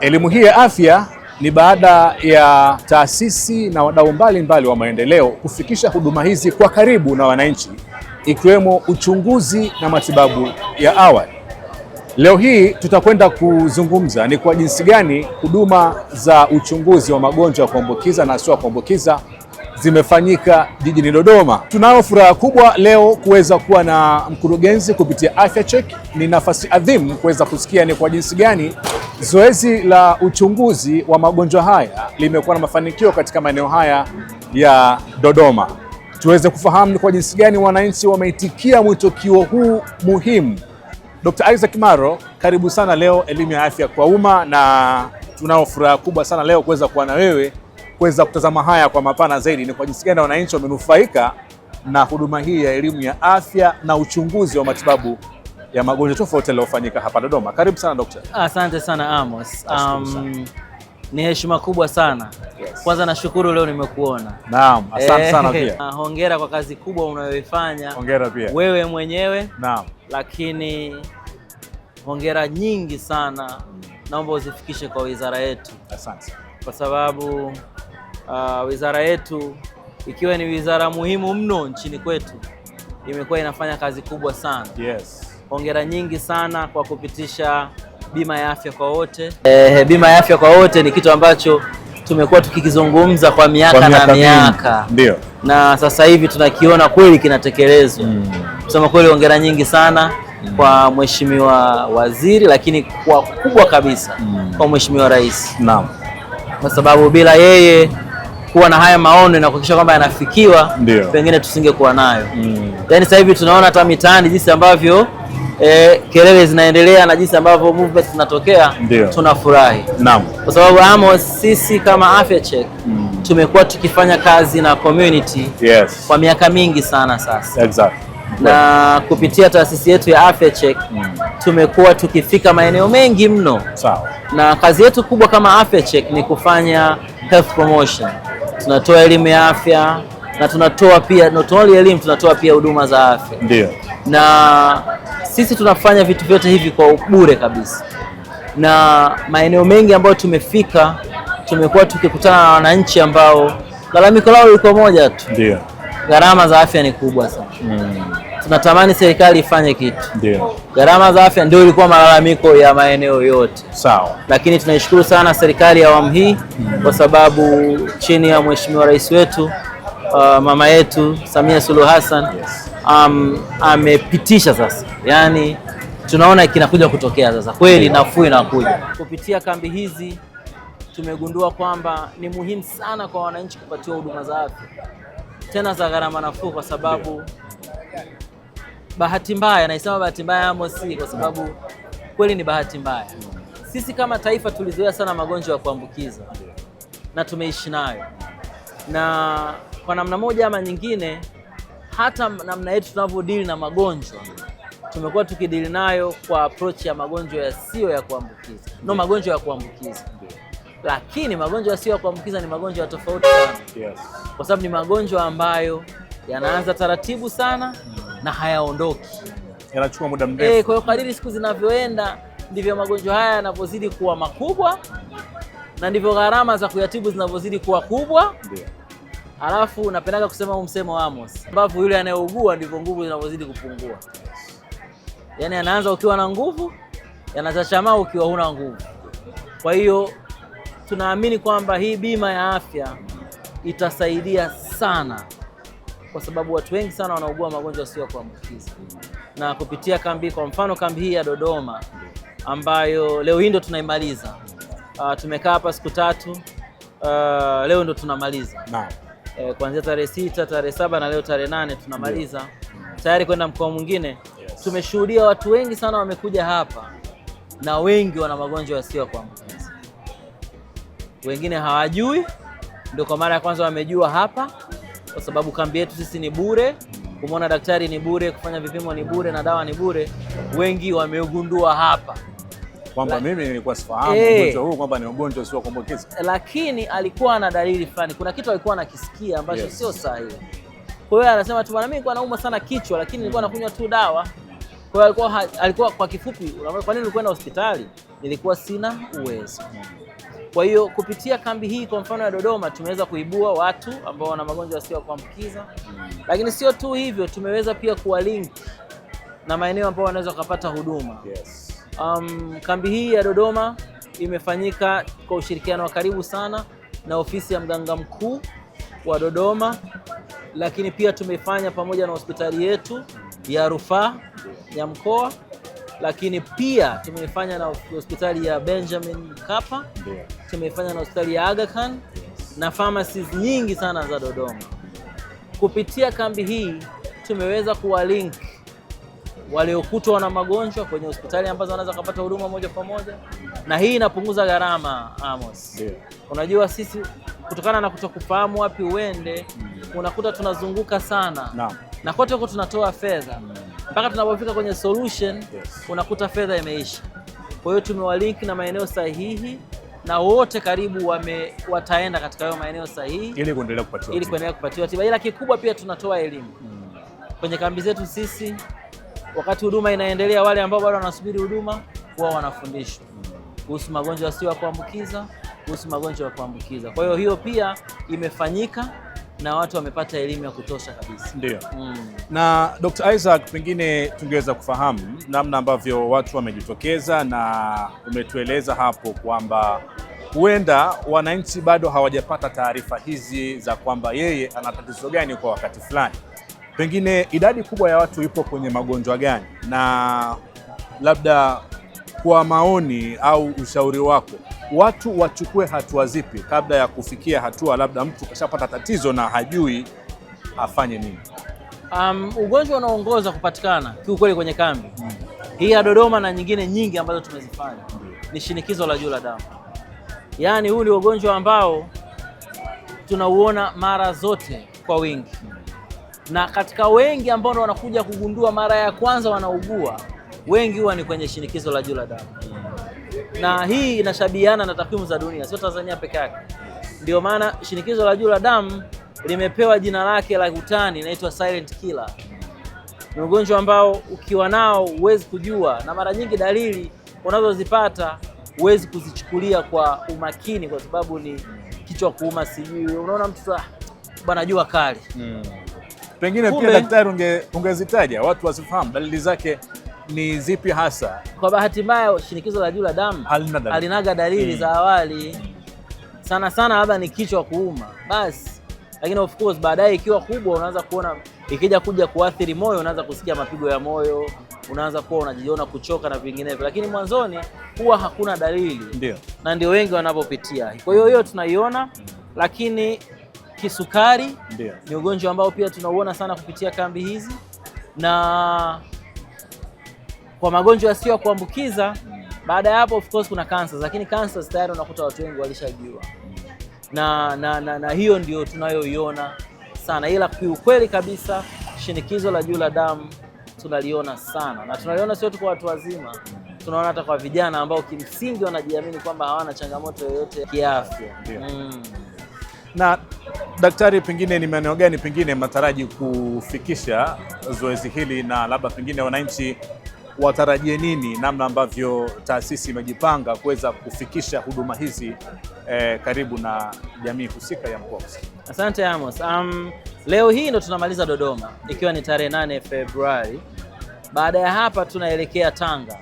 Elimu hii ya afya ni baada ya taasisi na wadau mbalimbali wa maendeleo kufikisha huduma hizi kwa karibu na wananchi, ikiwemo uchunguzi na matibabu ya awali. Leo hii tutakwenda kuzungumza ni kwa jinsi gani huduma za uchunguzi wa magonjwa ya kuambukiza na ya kuambukiza zimefanyika jijini Dodoma. Tunayo furaha kubwa leo kuweza kuwa na mkurugenzi kupitia Afya Check. Ni nafasi adhimu kuweza kusikia ni kwa jinsi gani Zoezi la uchunguzi wa magonjwa haya limekuwa na mafanikio katika maeneo haya ya Dodoma. Tuweze kufahamu ni kwa jinsi gani wananchi wameitikia mwitikio huu muhimu. Dr. Isaac Maro, karibu sana leo elimu ya afya kwa umma, na tunao furaha kubwa sana leo kuweza kuwa na wewe kuweza kutazama haya kwa mapana zaidi, ni kwa jinsi gani wananchi wamenufaika na huduma hii ya elimu ya afya na uchunguzi wa matibabu ya magonjwa tofauti yaliyofanyika hapa Dodoma. Karibu sana daktari. Asante sana Amos. Um, ni heshima kubwa sana yes. Kwanza nashukuru leo nimekuona. Naam, asante eh, sana pia. Hongera kwa kazi kubwa unayoifanya. Hongera pia wewe mwenyewe. Naam. Lakini hongera nyingi sana naomba uzifikishe kwa wizara yetu. Asante. Kwa sababu uh, wizara yetu ikiwa ni wizara muhimu mno nchini kwetu imekuwa inafanya kazi kubwa sana. Yes hongera nyingi sana kwa kupitisha bima ya afya kwa wote. Eh, bima ya afya kwa wote ni kitu ambacho tumekuwa tukikizungumza kwa miaka, kwa miaka na miaka ndio, na sasa hivi tunakiona kweli kinatekelezwa. Mm. Kusema kweli hongera nyingi sana mm. kwa mheshimiwa waziri, lakini kwa kubwa kabisa mm. kwa mheshimiwa rais. Naam. Kwa sababu bila yeye kuwa na haya maono na kuhakikisha kwamba yanafikiwa, pengine tusingekuwa nayo mm. Yaani sasa hivi tunaona hata mitaani jinsi ambavyo e, kelele zinaendelea na jinsi ambavyo movement zinatokea, tunafurahi naam, kwa sababu amo sisi kama Afya Check mm. tumekuwa tukifanya kazi na community yes. kwa miaka mingi sana sasa exactly na kupitia taasisi yetu ya Afya Check mm. tumekuwa tukifika maeneo mengi mno. Sawa. Na kazi yetu kubwa kama Afya Check ni kufanya health promotion tunatoa elimu ya afya na tunatoa pia not only elimu, tunatoa pia huduma za afya. Ndio. Na sisi tunafanya vitu vyote hivi kwa bure kabisa, na maeneo mengi ambayo tumefika tumekuwa tukikutana na wananchi ambao lalamiko lao liko moja tu. Ndio gharama za afya ni kubwa sana mm. Tunatamani serikali ifanye kitu. Ndio. Gharama za afya ndio ilikuwa malalamiko ya maeneo yote. Sawa. Lakini tunaishukuru sana serikali ya awamu hii mm. kwa sababu chini ya Mheshimiwa Rais wetu uh, mama yetu Samia Suluhu Hassan yes. um, amepitisha sasa, yaani tunaona kinakuja kutokea sasa kweli, nafuu inakuja kupitia kambi hizi. Tumegundua kwamba ni muhimu sana kwa wananchi kupatiwa huduma za afya tena za gharama nafuu, kwa sababu bahati mbaya, naisema bahati mbaya Amosi, kwa sababu kweli ni bahati mbaya. Sisi kama taifa tulizoea sana magonjwa ya kuambukiza na tumeishi nayo, na kwa namna moja ama nyingine, hata namna yetu tunavyodili na magonjwa tumekuwa tukidili nayo kwa approach ya magonjwa yasiyo ya kuambukiza no, magonjwa ya kuambukiza lakini magonjwa yasiyo ya kuambukiza ni magonjwa tofauti sana yes. Kwa sababu ni magonjwa ambayo yanaanza taratibu sana mm. na hayaondoki, yanachukua muda mrefu e. Kwa hiyo kadiri siku zinavyoenda ndivyo magonjwa haya yanavyozidi kuwa makubwa na ndivyo gharama za kuyatibu zinavyozidi kuwa kubwa. Yeah. Alafu napendaga kusema huu msemo wa Amos, ambapo yule anayeugua ndivyo nguvu zinavyozidi kupungua. Yaani anaanza ukiwa na nguvu, yanachachamaa ukiwa huna nguvu. Kwa hiyo tunaamini kwamba hii bima ya afya itasaidia sana, kwa sababu watu wengi sana wanaugua magonjwa sio ya kuambukiza, na kupitia kambi, kwa mfano kambi hii ya Dodoma ambayo leo hii ndo tunaimaliza. Uh, tumekaa hapa siku tatu uh, leo ndo tunamaliza nah. Eh, kuanzia tarehe sita, tarehe saba na leo tarehe nane tunamaliza yeah. Tayari kwenda mkoa mwingine yes. Tumeshuhudia watu wengi sana wamekuja hapa na wengi wana magonjwa yasiyo kuambukiza wengine hawajui, ndio kwa mara ya kwanza wamejua hapa, kwa sababu kambi yetu sisi ni bure, kumwona daktari ni bure, kufanya vipimo ni bure na dawa ni bure. Wengi wameugundua hapa kwamba mimi nilikuwa sifahamu eh. ugonjwa huu kwamba ni ugonjwa sio kuambukiza, lakini alikuwa na dalili fulani, kuna kitu alikuwa anakisikia ambacho yes, sio sahihi. Kwa hiyo anasema tu, mimi nilikuwa naumwa sana kichwa, lakini nilikuwa hmm, nakunywa tu dawa. Kwa hiyo alikuwa, alikuwa kwa kifupi, kwa nini nilikuwa hospitali? Nilikuwa sina uwezo. hmm. Kwa hiyo kupitia kambi hii kwa mfano ya Dodoma tumeweza kuibua watu ambao wana magonjwa yasiyo ya kuambukiza, mm. lakini sio tu hivyo, tumeweza pia kuwalink na maeneo ambayo wanaweza kupata huduma yes. Um, kambi hii ya Dodoma imefanyika kwa ushirikiano wa karibu sana na ofisi ya mganga mkuu wa Dodoma, lakini pia tumefanya pamoja na hospitali yetu ya rufaa ya mkoa, lakini pia tumefanya na hospitali ya Benjamin Mkapa yeah tumefanya na hospitali ya Aga Khan na pharmacies nyingi sana za Dodoma. Kupitia kambi hii tumeweza kuwalink waliokutwa na magonjwa kwenye hospitali ambazo wanaweza kupata huduma moja kwa moja, na hii inapunguza gharama Amos. Yeah. Unajua sisi kutokana na kutokufahamu wapi uende, mm, unakuta tunazunguka sana no, na kote huko tunatoa fedha mpaka tunapofika kwenye solution yes, unakuta fedha imeisha. Kwa hiyo tumewalink na maeneo sahihi na wote karibu wame, wataenda katika hayo maeneo sahihi ili kuendelea kupatiwa, ili kuendelea kupatiwa tiba, ila kikubwa pia tunatoa elimu mm. kwenye kambi zetu sisi, wakati huduma inaendelea, wale ambao bado wanasubiri huduma huwa wanafundishwa hmm. kuhusu magonjwa yasiyo ya kuambukiza, kuhusu magonjwa ya kuambukiza. Kwa hiyo hiyo pia imefanyika na watu wamepata elimu ya kutosha kabisa. Ndio. Mm. Na Dr. Isaac, pengine tungeweza kufahamu namna ambavyo watu wamejitokeza, na umetueleza hapo kwamba huenda wananchi bado hawajapata taarifa hizi za kwamba yeye ana tatizo gani kwa wakati fulani. Pengine idadi kubwa ya watu ipo kwenye magonjwa gani, na labda kwa maoni au ushauri wako watu wachukue hatua zipi kabla ya kufikia hatua labda mtu kashapata tatizo na hajui afanye nini? Um, ugonjwa unaongoza kupatikana kiukweli kwenye kambi mm. hii ya Dodoma na nyingine nyingi ambazo tumezifanya mm. ni shinikizo la juu la damu, yaani huu ni ugonjwa ambao tunauona mara zote kwa wingi mm. na katika wengi ambao wanakuja kugundua mara ya kwanza wanaugua, wengi huwa ni kwenye shinikizo la juu la damu mm na hii inashabiana na takwimu za dunia, sio Tanzania peke yake. Ndio maana shinikizo la juu la damu limepewa jina lake la utani, inaitwa silent killer. Ni ugonjwa ambao ukiwa nao huwezi kujua, na mara nyingi dalili unazozipata huwezi kuzichukulia kwa umakini, kwa sababu ni kichwa kuuma, sijui unaona mtu bwana jua kali hmm. Pengine pia daktari, ungezitaja unge watu wasifahamu dalili zake ni zipi hasa? Kwa bahati mbaya, shinikizo la juu la damu halinaga dalili mm. za awali sana sana, labda ni kichwa kuuma basi, lakini of course baadaye ikiwa kubwa, unaanza kuona ikija kuja kuathiri moyo, unaanza kusikia mapigo ya moyo, unaanza kuwa unajiona kuchoka na vinginevyo, lakini mwanzoni huwa hakuna dalili. Ndio. na ndio wengi wanavyopitia. Kwa hiyo hiyo tunaiona, lakini kisukari Ndio. ni ugonjwa ambao pia tunauona sana kupitia kambi hizi na kwa magonjwa yasiyo ya kuambukiza. Baada ya hapo, of course, kuna cancers, lakini cancers tayari unakuta watu wengi walishajua na, na, na, na hiyo ndio tunayoiona sana, ila kiukweli kabisa shinikizo la juu la damu tunaliona sana, na tunaliona sio tu kwa watu wazima, tunaona hata kwa vijana ambao kimsingi wanajiamini kwamba hawana changamoto yoyote kiafya mm. Na daktari, pengine ni maeneo gani pengine mnataraji kufikisha zoezi hili, na labda pengine wananchi watarajie nini, namna ambavyo taasisi imejipanga kuweza kufikisha huduma hizi eh, karibu na jamii husika ya mkoa husika? Asante Amos. Um, leo hii ndo tunamaliza Dodoma ikiwa ni tarehe 8 Februari. Baada ya hapa tunaelekea Tanga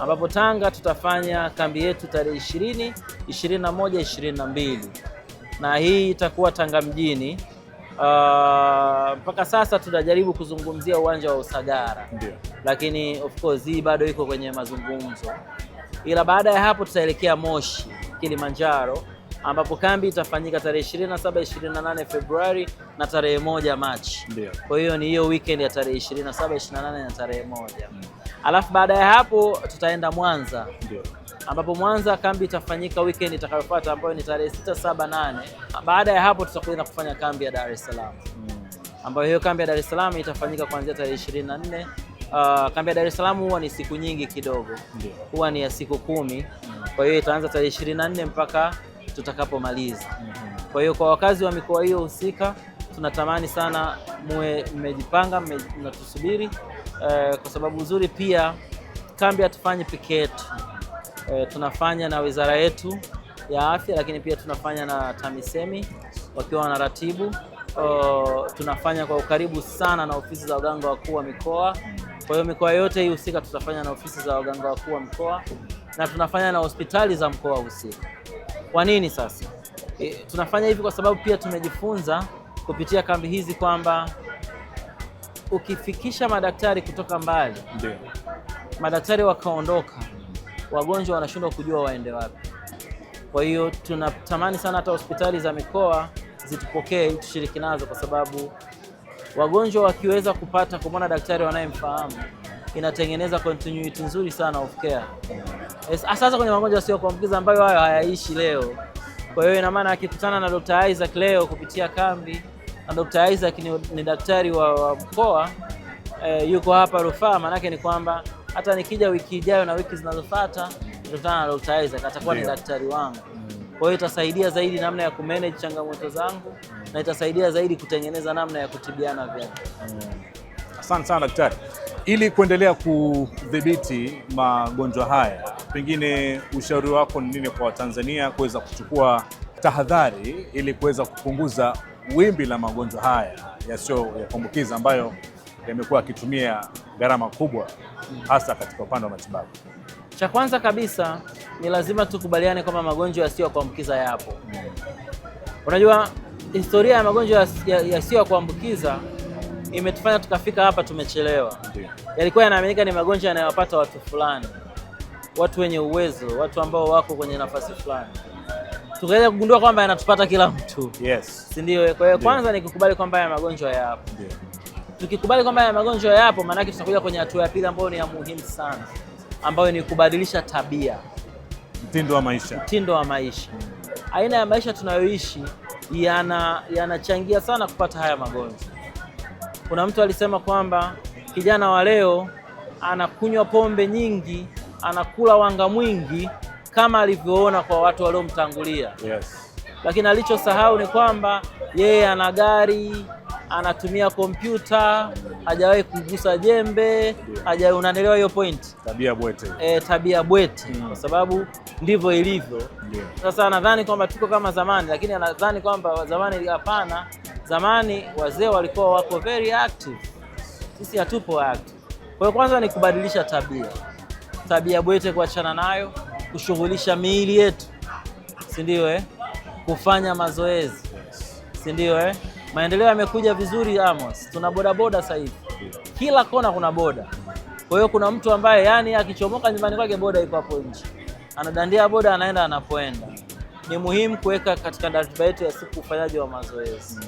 ambapo Tanga tutafanya kambi yetu tarehe 20, 21, 22 na hii itakuwa Tanga mjini. Uh, mpaka sasa tunajaribu kuzungumzia uwanja wa Usagara. Ndiyo lakini of course hii bado iko kwenye mazungumzo, ila baada ya hapo tutaelekea Moshi Kilimanjaro, ambapo kambi itafanyika tarehe 27, 28 Februari na tarehe moja Machi. Kwa hiyo ni hiyo weekend ya tarehe 27, 28 na tarehe moja. Mm. Alafu baada ya hapo tutaenda Mwanza. Ndio. Ambapo Mwanza kambi itafanyika weekend itakayofuata ambayo ni tarehe 6, 7, 8. Baada ya hapo tutakwenda kufanya kambi ya Dar es Salaam. Mm. Ambayo hiyo kambi ya Dar es Salaam itafanyika kuanzia tarehe 24 uh, kambi ya Dar es Salaam huwa ni siku nyingi kidogo, huwa ni ya siku kumi kwa hiyo itaanza tarehe ishirini na nne mpaka tutakapomaliza mhm. Kwa hiyo kwa wakazi wa mikoa hiyo husika tunatamani sana muwe mmejipanga, mnatusubiri uh, kwa sababu uzuri pia kambi hatufanyi peke yetu eh, tunafanya na wizara yetu ya afya, lakini pia tunafanya na TAMISEMI wakiwa wanaratibu. Oh, tunafanya kwa ukaribu sana na ofisi za waganga wakuu wa mikoa kwa hiyo mikoa yote hii husika tutafanya na ofisi za waganga wakuu wa mkoa na tunafanya na hospitali za mkoa husika. Kwa nini sasa? E, tunafanya hivi kwa sababu pia tumejifunza kupitia kambi hizi kwamba ukifikisha madaktari kutoka mbali, ndio madaktari wakaondoka, wagonjwa wanashindwa kujua waende wapi. Kwa hiyo tunatamani sana hata hospitali za mikoa zitupokee, tushiriki nazo kwa sababu Wagonjwa wakiweza kupata kumwona daktari wanayemfahamu inatengeneza continuity nzuri sana of care. Ah, sasa kwenye magonjwa sio kuambukiza ambayo hayo hayaishi leo. Kwa hiyo ina maana akikutana na Dr. Isaac leo kupitia kambi na Dr. Isaac ni, ni daktari wa mkoa eh, yuko hapa rufaa, maanake ni kwamba hata nikija wiki ijayo na wiki zinazofuata nitakutana na Dr. Isaac atakuwa ni daktari wangu. Kwa hiyo itasaidia zaidi namna ya kumanage changamoto zangu na itasaidia zaidi kutengeneza namna ya kutibiana vyema. Mm. Asante sana daktari. Ili kuendelea kudhibiti magonjwa haya, pengine ushauri wako ni nini kwa Watanzania kuweza kuchukua tahadhari ili kuweza kupunguza wimbi la magonjwa haya yasiyo ya kuambukiza ambayo yamekuwa yakitumia gharama kubwa hasa katika upande wa matibabu? Cha kwanza kabisa ni lazima tukubaliane kwamba magonjwa yasiyo kuambukiza yapo. Unajua, historia ya magonjwa yasiyo ya kuambukiza imetufanya tukafika hapa, tumechelewa. Yalikuwa yanaaminika ni magonjwa yanayowapata watu fulani, watu wenye uwezo, watu ambao wako kwenye nafasi fulani, tukaja kugundua kwamba yanatupata kila mtu, yes. si ndio? Kwa hiyo kwanza ni kukubali kwamba haya magonjwa yapo. Tukikubali kwamba haya magonjwa yapo, maanake tutakuja kwenye hatua ya pili ambayo ni ya muhimu sana ambayo ni kubadilisha tabia, mtindo wa maisha, mtindo wa maisha, aina ya maisha tunayoishi yana yanachangia sana kupata haya magonjwa. Kuna mtu alisema kwamba kijana wa leo anakunywa pombe nyingi, anakula wanga mwingi kama alivyoona kwa watu waliomtangulia. Yes. Lakini alichosahau ni kwamba yeye ana gari, anatumia kompyuta, hajawahi kugusa jembe, haja unaelewa hiyo point. Tabia bwete. E, tabia bwete mm. Kwa sababu ndivyo ilivyo yeah. Sasa nadhani kwamba tuko kama zamani, lakini nadhani kwamba zamani, hapana, zamani wazee walikuwa wako very active, sisi hatupo active. Kwa hiyo kwanza ni kubadilisha tabia, tabia bwete kuachana nayo, kushughulisha miili yetu, si ndio eh? Kufanya mazoezi, si ndio eh? maendeleo yamekuja vizuri Amos, tuna bodaboda sasa hivi kila kona kuna boda. Kwa hiyo kuna mtu ambaye yani akichomoka nyumbani kwake boda iko hapo nje, anadandia boda anaenda anapoenda. Ni muhimu kuweka katika ratiba yetu ya siku ufanyaji wa mazoezi.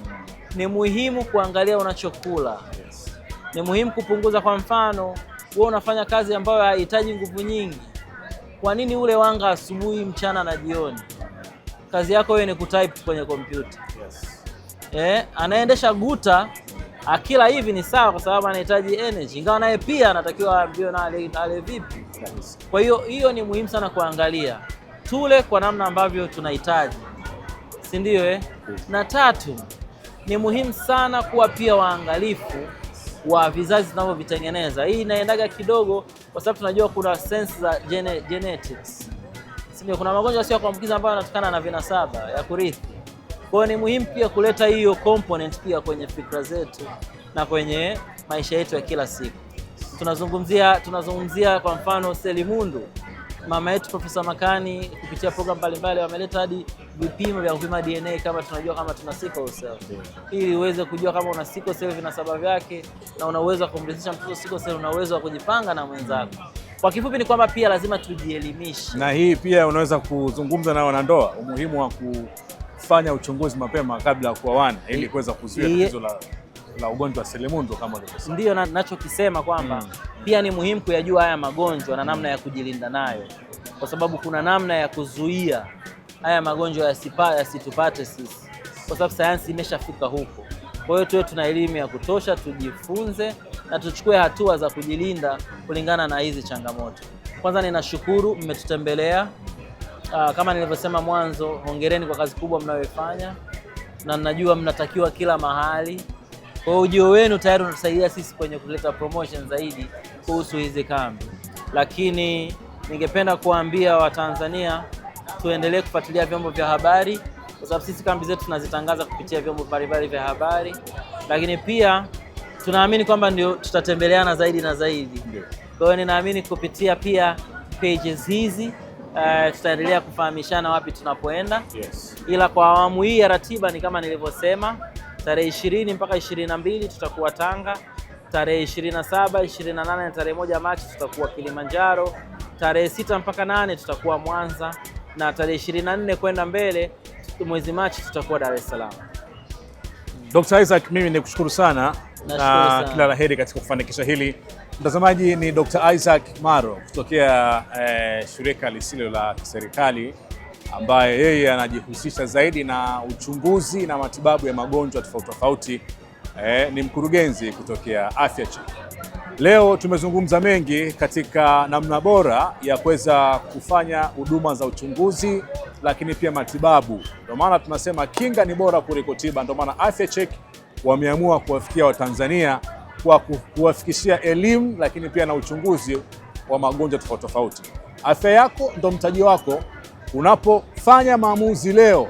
Ni muhimu kuangalia unachokula. Ni muhimu kupunguza. Kwa mfano, wewe unafanya kazi ambayo haihitaji nguvu nyingi, kwa nini ule wanga asubuhi, mchana na jioni? Kazi yako wewe ni kutype kwenye kompyuta eh, anaendesha guta akila hivi ni sawa, kwa sababu anahitaji energy, ingawa naye pia anatakiwa ambiwe na ale vipi. Kwa hiyo hiyo ni muhimu sana kuangalia, tule kwa namna ambavyo tunahitaji, si ndio eh? Na tatu ni muhimu sana kuwa pia waangalifu wa vizazi tunavyovitengeneza. Hii inaendaga kidogo, kwa sababu tunajua kuna sense za gene, genetics, si ndio? Kuna magonjwa sio kuambukiza ambayo yanatokana na vinasaba ya kurithi kwa hiyo ni muhimu pia kuleta hiyo component pia kwenye fikra zetu na kwenye maisha yetu ya kila siku. Tunazungumzia tunazungumzia kwa mfano Selimundu, mama yetu Profesa Makani kupitia programu mbalimbali wameleta hadi vipimo vya kupima DNA kama tunajua kama tuna sickle cell, ili uweze kujua kama una sickle cell vina sababu yake, na una uwezo wa kumrithisha mtoto sickle cell, una uwezo wa kujipanga na mwenzako. Kwa kifupi ni kwamba pia lazima tujielimishe, na hii pia unaweza kuzungumza na wanandoa umuhimu wa ku kufanya uchunguzi mapema kabla ya kuoana ili kuweza kuzuia tatizo la, la ugonjwa wa selimundu kama ulivyosema. Ndio nachokisema kwamba mm. pia ni muhimu kuyajua haya magonjwa na namna ya kujilinda nayo, kwa sababu kuna namna ya kuzuia haya magonjwa yasitupate sisi, kwa sababu sayansi imeshafika huko. Kwa hiyo tuwe tuna elimu ya kutosha, tujifunze na tuchukue hatua za kujilinda kulingana na hizi changamoto. Kwanza ninashukuru mmetutembelea uh, kama nilivyosema mwanzo, hongereni kwa kazi kubwa mnayoifanya, na najua mnatakiwa kila mahali. Kwa hiyo ujio wenu tayari unatusaidia sisi kwenye kuleta promotion zaidi kuhusu hizi kambi, lakini ningependa kuwaambia Watanzania tuendelee kufuatilia vyombo vya habari, kwa sababu sisi kambi zetu tunazitangaza kupitia vyombo mbalimbali vya habari, lakini pia tunaamini kwamba ndio tutatembeleana zaidi na zaidi. Kwa hiyo ninaamini kupitia pia pages hizi Uh, tutaendelea kufahamishana wapi tunapoenda yes. Ila kwa awamu hii ya ratiba ni kama nilivyosema, tarehe ishirini mpaka ishirini na mbili tutakuwa Tanga, tarehe ishirini na saba ishirini na nane na tarehe moja Machi tutakuwa Kilimanjaro, tarehe sita mpaka nane tutakuwa Mwanza na tarehe ishirini na nne kwenda mbele mwezi Machi tutakuwa Dar es Salaam. Dr. Isaac, mimi nikushukuru sana na, na kila la heri katika kufanikisha hili. Mtazamaji ni Dr. Isaac Maro kutokea eh, shirika lisilo la serikali ambaye yeye anajihusisha zaidi na uchunguzi na matibabu ya magonjwa tofauti tofauti. Eh, ni mkurugenzi kutokea Afya Check. Leo tumezungumza mengi katika namna bora ya kuweza kufanya huduma za uchunguzi lakini pia matibabu. Ndio maana tunasema kinga ni bora kuliko tiba. Ndio maana Afya Check wameamua kuwafikia Watanzania kwa kuwafikishia elimu, lakini pia na uchunguzi wa magonjwa tofauti tofauti. Afya yako ndo mtaji wako. Unapofanya maamuzi leo,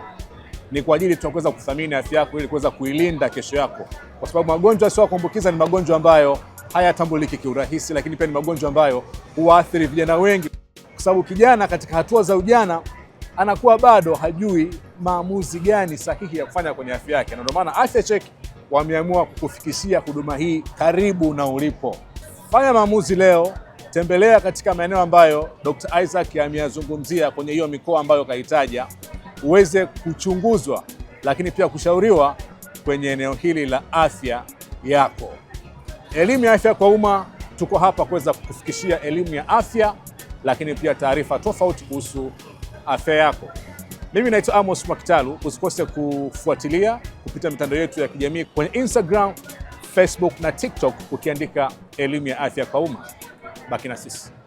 ni kwa ajili tu kuweza kuthamini afya yako ili kuweza kuilinda kesho yako, kwa sababu magonjwa sio kuambukiza ni magonjwa ambayo hayatambuliki kiurahisi, lakini pia ni magonjwa ambayo huwaathiri vijana wengi, kwa sababu kijana katika hatua za ujana anakuwa bado hajui maamuzi gani sahihi ya kufanya kwenye afya yake, na ndio maana Afya Check wameamua kukufikishia huduma hii karibu na ulipo. Fanya maamuzi leo, tembelea katika maeneo ambayo Dr. Isaac ameyazungumzia kwenye hiyo mikoa ambayo kahitaja, uweze kuchunguzwa, lakini pia kushauriwa kwenye eneo hili la afya yako. Elimu ya afya kwa umma, tuko hapa kuweza kukufikishia elimu ya afya, lakini pia taarifa tofauti kuhusu afya yako. Mimi naitwa Amos Mwakitalu. Usikose kufuatilia kupita mitandao yetu ya kijamii kwenye Instagram, Facebook na TikTok ukiandika elimu ya afya kwa umma. Baki na sisi.